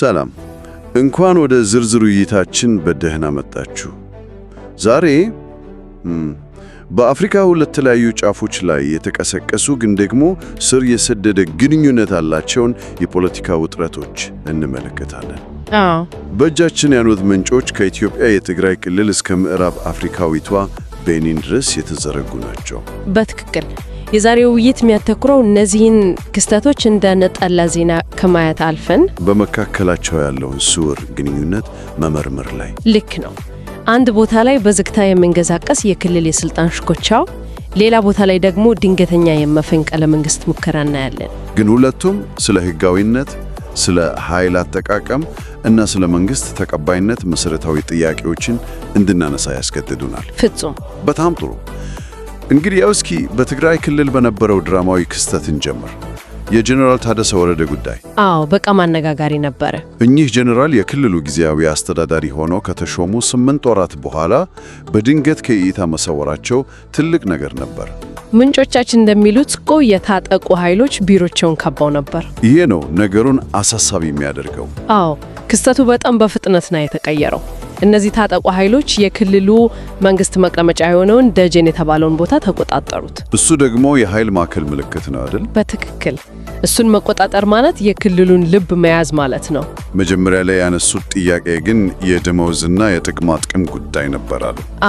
ሰላም፣ እንኳን ወደ ዝርዝር ውይይታችን በደህና መጣችሁ። ዛሬ በአፍሪካ ሁለት የተለያዩ ጫፎች ላይ የተቀሰቀሱ ግን ደግሞ ስር የሰደደ ግንኙነት ያላቸውን የፖለቲካ ውጥረቶች እንመለከታለን። በእጃችን ያሉት ምንጮች ከኢትዮጵያ የትግራይ ክልል እስከ ምዕራብ አፍሪካዊቷ ቤኒን ድረስ የተዘረጉ ናቸው። በትክክል የዛሬው ውይይት የሚያተኩረው እነዚህን ክስተቶች እንደ ነጠላ ዜና ከማየት አልፈን በመካከላቸው ያለውን ስውር ግንኙነት መመርመር ላይ ልክ ነው። አንድ ቦታ ላይ በዝግታ የምንገዛቀስ የክልል የስልጣን ሽኮቻው ሌላ ቦታ ላይ ደግሞ ድንገተኛ የመፈንቅለ መንግስት ሙከራ እናያለን። ግን ሁለቱም ስለ ህጋዊነት፣ ስለ ኃይል አጠቃቀም እና ስለ መንግስት ተቀባይነት መሰረታዊ ጥያቄዎችን እንድናነሳ ያስገድዱናል። ፍጹም። በጣም ጥሩ። እንግዲህ ያው እስኪ በትግራይ ክልል በነበረው ድራማዊ ክስተት እንጀምር። የጀኔራል ታደሰ ወረደ ጉዳይ አዎ፣ በጣም አነጋጋሪ ነበረ። እኚህ ጀኔራል የክልሉ ጊዜያዊ አስተዳዳሪ ሆነው ከተሾሙ ስምንት ወራት በኋላ በድንገት ከእይታ መሰወራቸው ትልቅ ነገር ነበር። ምንጮቻችን እንደሚሉት እኮ የታጠቁ ኃይሎች ቢሮቸውን ከበው ነበር። ይሄ ነው ነገሩን አሳሳቢ የሚያደርገው። አዎ፣ ክስተቱ በጣም በፍጥነት ነው የተቀየረው። እነዚህ ታጠቁ ኃይሎች የክልሉ መንግስት መቀመጫ የሆነውን ደጀን የተባለውን ቦታ ተቆጣጠሩት። እሱ ደግሞ የኃይል ማዕከል ምልክት ነው አይደል? በትክክል እሱን መቆጣጠር ማለት የክልሉን ልብ መያዝ ማለት ነው። መጀመሪያ ላይ ያነሱት ጥያቄ ግን የደመወዝና የጥቅማ ጥቅም ጉዳይ ነበር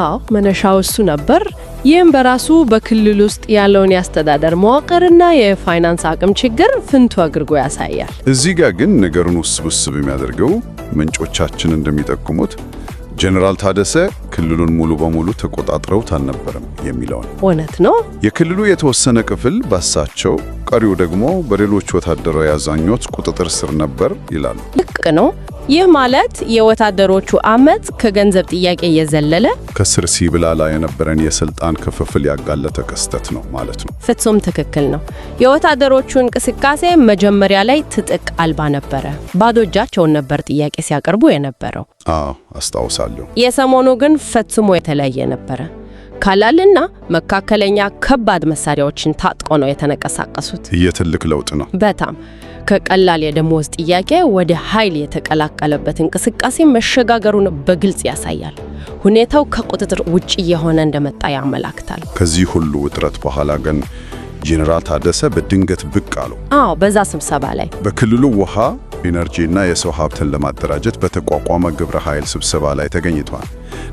አዎ መነሻው እሱ ነበር። ይህም በራሱ በክልል ውስጥ ያለውን የአስተዳደር መዋቅርና የፋይናንስ አቅም ችግር ፍንቱ አድርጎ ያሳያል። እዚህ ጋር ግን ነገሩን ውስብስብ የሚያደርገው ምንጮቻችን እንደሚጠቁሙት ጀኔራል ታደሰ ክልሉን ሙሉ በሙሉ ተቆጣጥረውት አልነበረም የሚለውን እውነት ነው። የክልሉ የተወሰነ ክፍል ባሳቸው፣ ቀሪው ደግሞ በሌሎች ወታደራዊ አዛዦች ቁጥጥር ስር ነበር ይላሉ። ልክ ነው። ይህ ማለት የወታደሮቹ አመፅ ከገንዘብ ጥያቄ የዘለለ ከስር ሲብላላ የነበረን የስልጣን ክፍፍል ያጋለጠ ክስተት ነው ማለት ነው። ፍጹም ትክክል ነው። የወታደሮቹ እንቅስቃሴ መጀመሪያ ላይ ትጥቅ አልባ ነበረ። ባዶ እጃቸውን ነበር ጥያቄ ሲያቀርቡ የነበረው። አዎ አስታውሳለሁ። የሰሞኑ ግን ፈጽሞ የተለያየ ነበረ። ካላልና መካከለኛ ከባድ መሳሪያዎችን ታጥቆ ነው የተንቀሳቀሱት። የትልቅ ለውጥ ነው በጣም ከቀላል የደሞዝ ጥያቄ ወደ ኃይል የተቀላቀለበት እንቅስቃሴ መሸጋገሩን በግልጽ ያሳያል። ሁኔታው ከቁጥጥር ውጭ የሆነ እንደመጣ ያመላክታል። ከዚህ ሁሉ ውጥረት በኋላ ግን ጄኔራል ታደሰ በድንገት ብቅ አሉ። አዎ፣ በዛ ስብሰባ ላይ በክልሉ ውሃ፣ ኢነርጂና የሰው ሀብትን ለማደራጀት በተቋቋመ ግብረ ኃይል ስብሰባ ላይ ተገኝቷል።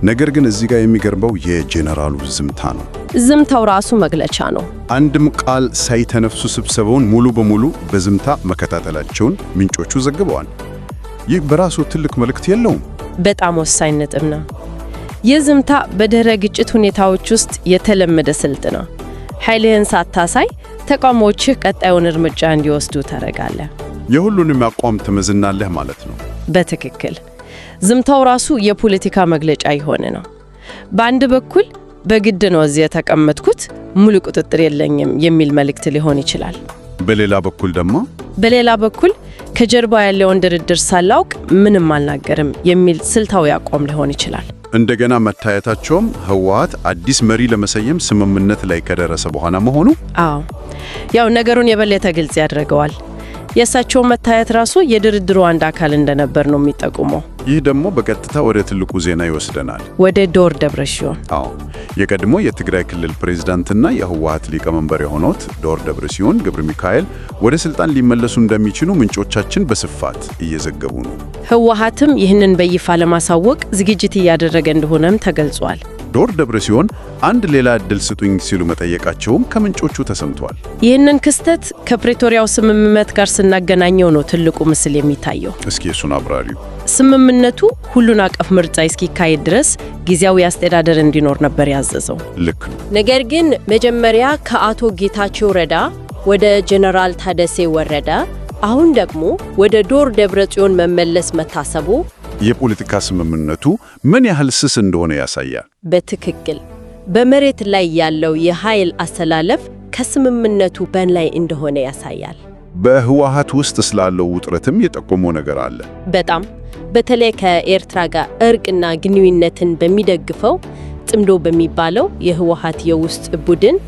ነገር ግን እዚህ ጋር የሚገርመው የጄኔራሉ ዝምታ ነው። ዝምታው ራሱ መግለጫ ነው። አንድም ቃል ሳይተነፍሱ ስብሰባውን ሙሉ በሙሉ በዝምታ መከታተላቸውን ምንጮቹ ዘግበዋል። ይህ በራሱ ትልቅ መልእክት የለውም? በጣም ወሳኝ ነጥብ ነው። የዝምታ በድህረ ግጭት ሁኔታዎች ውስጥ የተለመደ ስልት ነው። ኃይልህን ሳታሳይ ተቃውሞዎችህ ቀጣዩን እርምጃ እንዲወስዱ ታደርጋለህ። የሁሉንም አቋም ትመዝናለህ ማለት ነው። በትክክል ዝምታው ራሱ የፖለቲካ መግለጫ የሆነ ነው። በአንድ በኩል በግድ ነው እዚህ የተቀመጥኩት ሙሉ ቁጥጥር የለኝም የሚል መልእክት ሊሆን ይችላል። በሌላ በኩል ደግሞ በሌላ በኩል ከጀርባ ያለውን ድርድር ሳላውቅ ምንም አልናገርም የሚል ስልታዊ አቋም ሊሆን ይችላል። እንደገና መታየታቸውም ህወሓት አዲስ መሪ ለመሰየም ስምምነት ላይ ከደረሰ በኋላ መሆኑ አዎ፣ ያው ነገሩን የበለጠ ግልጽ ያደርገዋል። የእሳቸው መታየት ራሱ የድርድሩ አንድ አካል እንደነበር ነው የሚጠቁመው። ይህ ደግሞ በቀጥታ ወደ ትልቁ ዜና ይወስደናል፣ ወደ ዶር ደብረጽዮን። አዎ የቀድሞ የትግራይ ክልል ፕሬዝዳንትና የህወሀት ሊቀመንበር የሆኑት ዶር ደብረጽዮን ገብረ ሚካኤል ወደ ስልጣን ሊመለሱ እንደሚችሉ ምንጮቻችን በስፋት እየዘገቡ ነው። ህወሀትም ይህንን በይፋ ለማሳወቅ ዝግጅት እያደረገ እንደሆነም ተገልጿል። ዶር ደብረ ሲሆን አንድ ሌላ እድል ስጡኝ ሲሉ መጠየቃቸውም ከምንጮቹ ተሰምቷል። ይህንን ክስተት ከፕሬቶሪያው ስምምነት ጋር ስናገናኘው ነው ትልቁ ምስል የሚታየው። እስኪ እሱን አብራሪው። ስምምነቱ ሁሉን አቀፍ ምርጫ እስኪካሄድ ድረስ ጊዜያዊ አስተዳደር እንዲኖር ነበር ያዘዘው። ልክ ነው። ነገር ግን መጀመሪያ ከአቶ ጌታቸው ረዳ ወደ ጀነራል ታደሴ ወረደ። አሁን ደግሞ ወደ ዶር ደብረ ጽዮን መመለስ መታሰቡ የፖለቲካ ስምምነቱ ምን ያህል ስስ እንደሆነ ያሳያል። በትክክል በመሬት ላይ ያለው የኃይል አሰላለፍ ከስምምነቱ በላይ እንደሆነ ያሳያል። በህወሓት ውስጥ ስላለው ውጥረትም የጠቆመው ነገር አለ። በጣም በተለይ ከኤርትራ ጋር እርቅና ግንኙነትን በሚደግፈው ጥምዶ በሚባለው የህወሓት የውስጥ ቡድን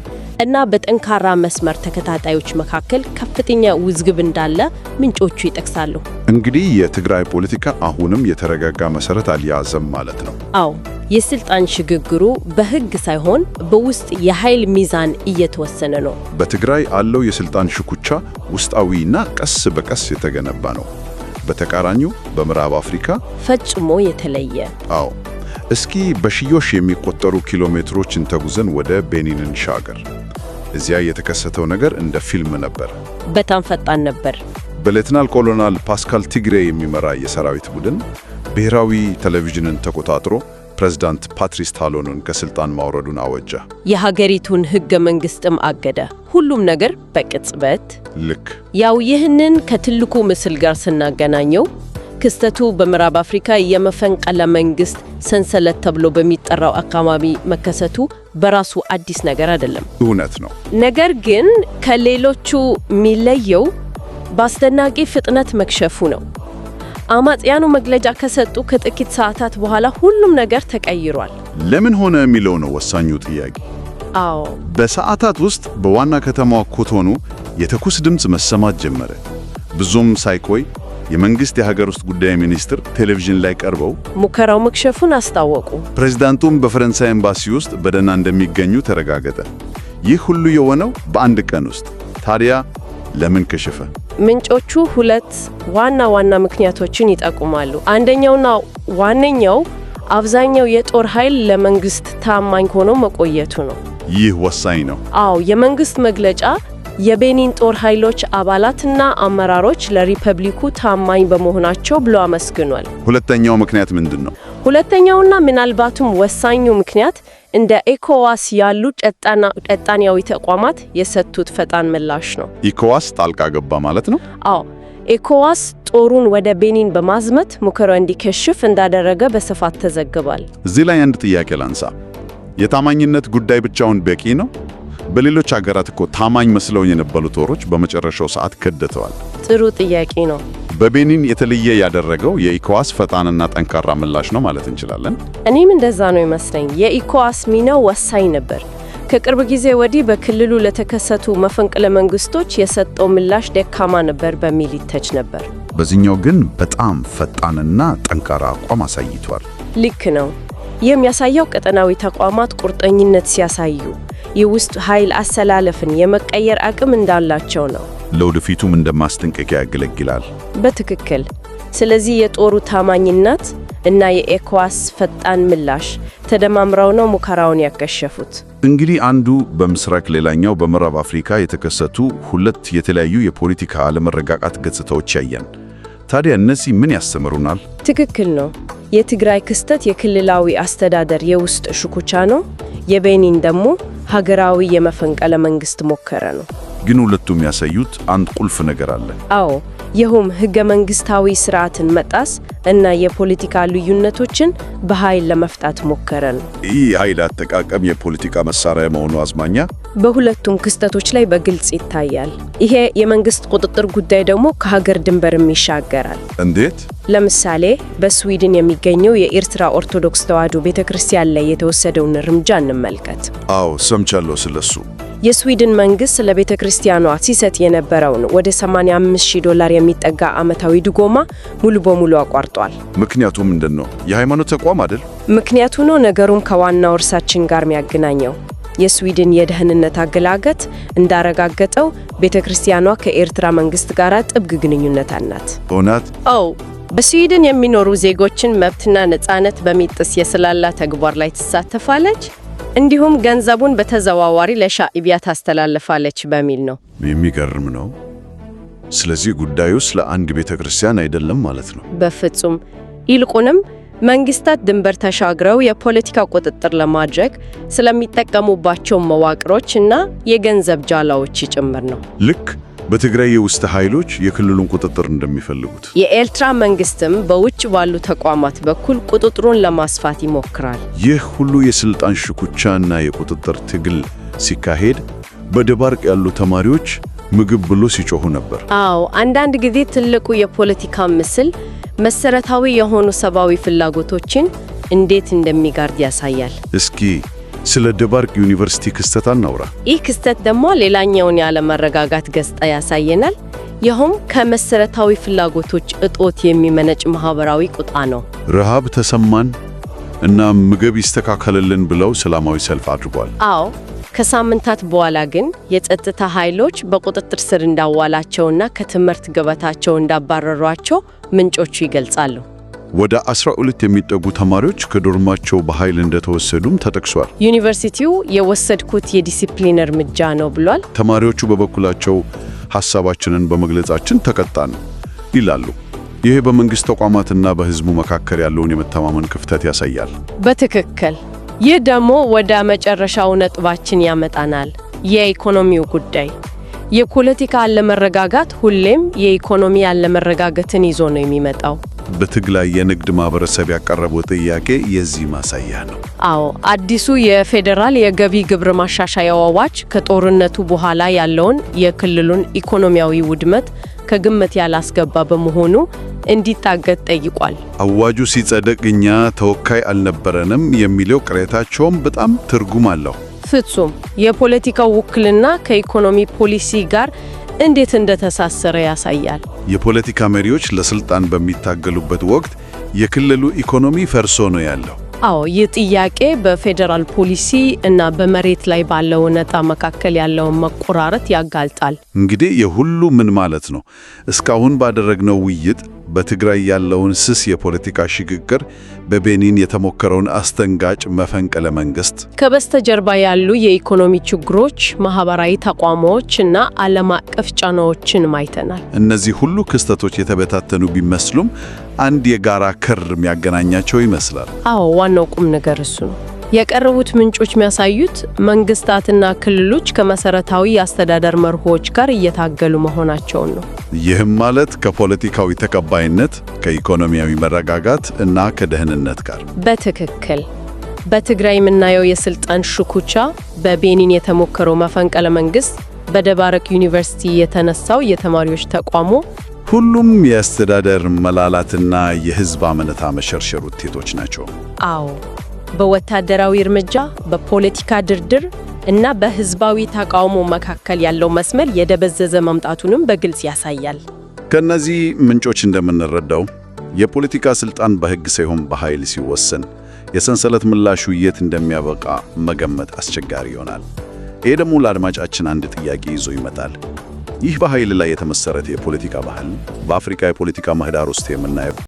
እና በጠንካራ መስመር ተከታታዮች መካከል ከፍተኛ ውዝግብ እንዳለ ምንጮቹ ይጠቅሳሉ። እንግዲህ የትግራይ ፖለቲካ አሁንም የተረጋጋ መሰረት አልያዘም ማለት ነው። አዎ፣ የስልጣን ሽግግሩ በህግ ሳይሆን በውስጥ የኃይል ሚዛን እየተወሰነ ነው። በትግራይ አለው የስልጣን ሽኩቻ ውስጣዊና ቀስ በቀስ የተገነባ ነው። በተቃራኒው በምዕራብ አፍሪካ ፈጽሞ የተለየ። አዎ። እስኪ በሽዮሽ የሚቆጠሩ ኪሎ ሜትሮችን ተጉዘን ወደ ቤኒን እንሻገር። እዚያ የተከሰተው ነገር እንደ ፊልም ነበር። በጣም ፈጣን ነበር። በሌትናል ኮሎኔል ፓስካል ቲግሬ የሚመራ የሰራዊት ቡድን ብሔራዊ ቴሌቪዥንን ተቆጣጥሮ ፕሬዝዳንት ፓትሪስ ታሎንን ከስልጣን ማውረዱን አወጀ። የሀገሪቱን ህገ መንግስትም አገደ። ሁሉም ነገር በቅጽበት ልክ ያው ይህንን ከትልቁ ምስል ጋር ስናገናኘው ክስተቱ በምዕራብ አፍሪካ የመፈንቅለ መንግስት ሰንሰለት ተብሎ በሚጠራው አካባቢ መከሰቱ በራሱ አዲስ ነገር አይደለም። እውነት ነው። ነገር ግን ከሌሎቹ የሚለየው በአስደናቂ ፍጥነት መክሸፉ ነው። አማጽያኑ መግለጫ ከሰጡ ከጥቂት ሰዓታት በኋላ ሁሉም ነገር ተቀይሯል። ለምን ሆነ የሚለው ነው ወሳኙ ጥያቄ። አዎ፣ በሰዓታት ውስጥ በዋና ከተማዋ ኮቶኑ የተኩስ ድምፅ መሰማት ጀመረ። ብዙም ሳይቆይ የመንግስት የሀገር ውስጥ ጉዳይ ሚኒስትር ቴሌቪዥን ላይ ቀርበው ሙከራው መክሸፉን አስታወቁ። ፕሬዝዳንቱም በፈረንሳይ ኤምባሲ ውስጥ በደህና እንደሚገኙ ተረጋገጠ። ይህ ሁሉ የሆነው በአንድ ቀን ውስጥ ታዲያ ለምን ከሸፈ? ምንጮቹ ሁለት ዋና ዋና ምክንያቶችን ይጠቁማሉ። አንደኛውና ዋነኛው አብዛኛው የጦር ኃይል ለመንግስት ታማኝ ሆኖ መቆየቱ ነው። ይህ ወሳኝ ነው። አዎ፣ የመንግስት መግለጫ የቤኒን ጦር ኃይሎች አባላትና አመራሮች ለሪፐብሊኩ ታማኝ በመሆናቸው ብሎ አመስግኗል። ሁለተኛው ምክንያት ምንድን ነው? ሁለተኛውና ምናልባትም ወሳኙ ምክንያት እንደ ኢኮዋስ ያሉ ቀጣናዊ ተቋማት የሰጡት ፈጣን ምላሽ ነው። ኢኮዋስ ጣልቃ ገባ ማለት ነው? አዎ። ኤኮዋስ ጦሩን ወደ ቤኒን በማዝመት ሙከራ እንዲከሽፍ እንዳደረገ በስፋት ተዘግቧል። እዚህ ላይ አንድ ጥያቄ ላንሳ። የታማኝነት ጉዳይ ብቻውን በቂ ነው? በሌሎች ሀገራት እኮ ታማኝ መስለው የነበሩ ጦሮች በመጨረሻው ሰዓት ከድተዋል። ጥሩ ጥያቄ ነው። በቤኒን የተለየ ያደረገው የኢኮዋስ ፈጣንና ጠንካራ ምላሽ ነው ማለት እንችላለን። እኔም እንደዛ ነው ይመስለኝ። የኢኮዋስ ሚናው ወሳኝ ነበር። ከቅርብ ጊዜ ወዲህ በክልሉ ለተከሰቱ መፈንቅለ መንግስቶች የሰጠው ምላሽ ደካማ ነበር በሚል ይተች ነበር። በዚህኛው ግን በጣም ፈጣንና ጠንካራ አቋም አሳይቷል። ልክ ነው። የሚያሳየው ቀጠናዊ ተቋማት ቁርጠኝነት ሲያሳዩ የውስጥ ኃይል አሰላለፍን የመቀየር አቅም እንዳላቸው ነው። ለወደፊቱም እንደ ማስጠንቀቂያ ያገለግላል። በትክክል። ስለዚህ የጦሩ ታማኝነት እና የኤኳስ ፈጣን ምላሽ ተደማምረው ነው ሙከራውን ያከሸፉት። እንግዲህ አንዱ በምስራቅ ሌላኛው በምዕራብ አፍሪካ የተከሰቱ ሁለት የተለያዩ የፖለቲካ አለመረጋጋት ገጽታዎች ያየን። ታዲያ እነዚህ ምን ያስተምሩናል? ትክክል ነው። የትግራይ ክስተት የክልላዊ አስተዳደር የውስጥ ሽኩቻ ነው። የቤኒን ደግሞ ሀገራዊ የመፈንቀለ መንግስት ሞከረ ነው። ግን ሁለቱም ያሳዩት አንድ ቁልፍ ነገር አለ። አዎ ይኸውም ህገ መንግስታዊ ስርዓትን መጣስ እና የፖለቲካ ልዩነቶችን በኃይል ለመፍታት ሞከረ ነው። ይህ የኃይል አጠቃቀም የፖለቲካ መሳሪያ መሆኑ አዝማኛ በሁለቱም ክስተቶች ላይ በግልጽ ይታያል። ይሄ የመንግስት ቁጥጥር ጉዳይ ደግሞ ከሀገር ድንበርም ይሻገራል። እንዴት? ለምሳሌ በስዊድን የሚገኘው የኤርትራ ኦርቶዶክስ ተዋሕዶ ቤተ ክርስቲያን ላይ የተወሰደውን እርምጃ እንመልከት። አዎ ሰምቻለሁ ስለሱ። የስዊድን መንግስት ለቤተ ክርስቲያኗ ሲሰጥ የነበረውን ወደ 85000 ዶላር የሚጠጋ ዓመታዊ ድጎማ ሙሉ በሙሉ አቋርጧል። ምክንያቱም ምንድን ነው? የሃይማኖት ተቋም አይደል? ምክንያቱ ነው ነገሩም ከዋናው እርሳችን ጋር የሚያገናኘው የስዊድን የደህንነት አገላገት እንዳረጋገጠው ቤተ ክርስቲያኗ ከኤርትራ መንግስት ጋር ጥብቅ ግንኙነት አላት። እውነት? አዎ። በስዊድን የሚኖሩ ዜጎችን መብትና ነፃነት በሚጥስ የስላላ ተግባር ላይ ትሳተፋለች። እንዲሁም ገንዘቡን በተዘዋዋሪ ለሻዕቢያ ታስተላልፋለች በሚል ነው። የሚገርም ነው። ስለዚህ ጉዳዩ ስለ አንድ ቤተ ክርስቲያን አይደለም ማለት ነው። በፍጹም ይልቁንም መንግስታት ድንበር ተሻግረው የፖለቲካ ቁጥጥር ለማድረግ ስለሚጠቀሙባቸው መዋቅሮች እና የገንዘብ ጃላዎች ጭምር ነው ልክ በትግራይ የውስጥ ኃይሎች የክልሉን ቁጥጥር እንደሚፈልጉት፣ የኤርትራ መንግስትም በውጭ ባሉ ተቋማት በኩል ቁጥጥሩን ለማስፋት ይሞክራል። ይህ ሁሉ የስልጣን እና የቁጥጥር ትግል ሲካሄድ በደባርቅ ያሉ ተማሪዎች ምግብ ብሎ ሲጮሁ ነበር። አዎ፣ አንዳንድ ጊዜ ትልቁ የፖለቲካ ምስል መሰረታዊ የሆኑ ሰብአዊ ፍላጎቶችን እንዴት እንደሚጋርድ ያሳያል። እስኪ ስለ ደባርቅ ዩኒቨርሲቲ ክስተት አናውራ። ይህ ክስተት ደግሞ ሌላኛውን ያለመረጋጋት ገጽታ ያሳየናል። ይኸውም ከመሰረታዊ ፍላጎቶች እጦት የሚመነጭ ማህበራዊ ቁጣ ነው። ረሃብ ተሰማን እና ምግብ ይስተካከልልን ብለው ሰላማዊ ሰልፍ አድርጓል። አዎ፣ ከሳምንታት በኋላ ግን የጸጥታ ኃይሎች በቁጥጥር ስር እንዳዋላቸውና ከትምህርት ገበታቸው እንዳባረሯቸው ምንጮቹ ይገልጻሉ። ወደ 12 የሚጠጉ ተማሪዎች ከዶርማቸው በኃይል እንደተወሰዱም ተጠቅሷል። ዩኒቨርሲቲው የወሰድኩት የዲሲፕሊን እርምጃ ነው ብሏል። ተማሪዎቹ በበኩላቸው ሐሳባችንን በመግለጻችን ተቀጣን ይላሉ። ይሄ በመንግሥት ተቋማትና በሕዝቡ መካከል ያለውን የመተማመን ክፍተት ያሳያል። በትክክል ይህ ደግሞ ወደ መጨረሻው ነጥባችን ያመጣናል፣ የኢኮኖሚው ጉዳይ የፖለቲካ አለመረጋጋት ሁሌም የኢኮኖሚ አለመረጋጋትን ይዞ ነው የሚመጣው። በትግላይ ላይ የንግድ ማህበረሰብ ያቀረበው ጥያቄ የዚህ ማሳያ ነው። አዎ አዲሱ የፌዴራል የገቢ ግብር ማሻሻያ አዋጅ ከጦርነቱ በኋላ ያለውን የክልሉን ኢኮኖሚያዊ ውድመት ከግምት ያላስገባ በመሆኑ እንዲታገድ ጠይቋል። አዋጁ ሲጸደቅ እኛ ተወካይ አልነበረንም የሚለው ቅሬታቸውም በጣም ትርጉም አለው። ፍጹም። የፖለቲካው ውክልና ከኢኮኖሚ ፖሊሲ ጋር እንዴት እንደተሳሰረ ያሳያል። የፖለቲካ መሪዎች ለስልጣን በሚታገሉበት ወቅት የክልሉ ኢኮኖሚ ፈርሶ ነው ያለው። አዎ፣ ይህ ጥያቄ በፌዴራል ፖሊሲ እና በመሬት ላይ ባለው እውነታ መካከል ያለውን መቆራረጥ ያጋልጣል። እንግዲህ የሁሉ ምን ማለት ነው? እስካሁን ባደረግነው ውይይት በትግራይ ያለውን ስስ የፖለቲካ ሽግግር፣ በቤኒን የተሞከረውን አስደንጋጭ መፈንቅለ መንግስት፣ ከበስተጀርባ ያሉ የኢኮኖሚ ችግሮች፣ ማህበራዊ ተቋማዎች እና ዓለም አቀፍ ጫናዎችን ማይተናል። እነዚህ ሁሉ ክስተቶች የተበታተኑ ቢመስሉም አንድ የጋራ ክር የሚያገናኛቸው ይመስላል። አዎ ዋናው ቁም ነገር እሱ ነው። የቀረቡት ምንጮች የሚያሳዩት መንግስታትና ክልሎች ከመሰረታዊ የአስተዳደር መርሆዎች ጋር እየታገሉ መሆናቸውን ነው። ይህም ማለት ከፖለቲካዊ ተቀባይነት፣ ከኢኮኖሚያዊ መረጋጋት እና ከደህንነት ጋር በትክክል በትግራይ የምናየው የስልጣን ሽኩቻ፣ በቤኒን የተሞከረው መፈንቅለ መንግስት፣ በደባረቅ ዩኒቨርሲቲ የተነሳው የተማሪዎች ተቋሞ ሁሉም የአስተዳደር መላላትና የህዝብ አመኔታ መሸርሸር ውጤቶች ናቸው። አዎ በወታደራዊ እርምጃ፣ በፖለቲካ ድርድር እና በህዝባዊ ተቃውሞ መካከል ያለው መስመር የደበዘዘ መምጣቱንም በግልጽ ያሳያል። ከእነዚህ ምንጮች እንደምንረዳው የፖለቲካ ስልጣን በህግ ሳይሆን በኃይል ሲወሰን የሰንሰለት ምላሹ የት እንደሚያበቃ መገመት አስቸጋሪ ይሆናል። ይህ ደግሞ ለአድማጫችን አንድ ጥያቄ ይዞ ይመጣል። ይህ በኃይል ላይ የተመሰረተ የፖለቲካ ባህል በአፍሪካ የፖለቲካ ምህዳር ውስጥ የምናየው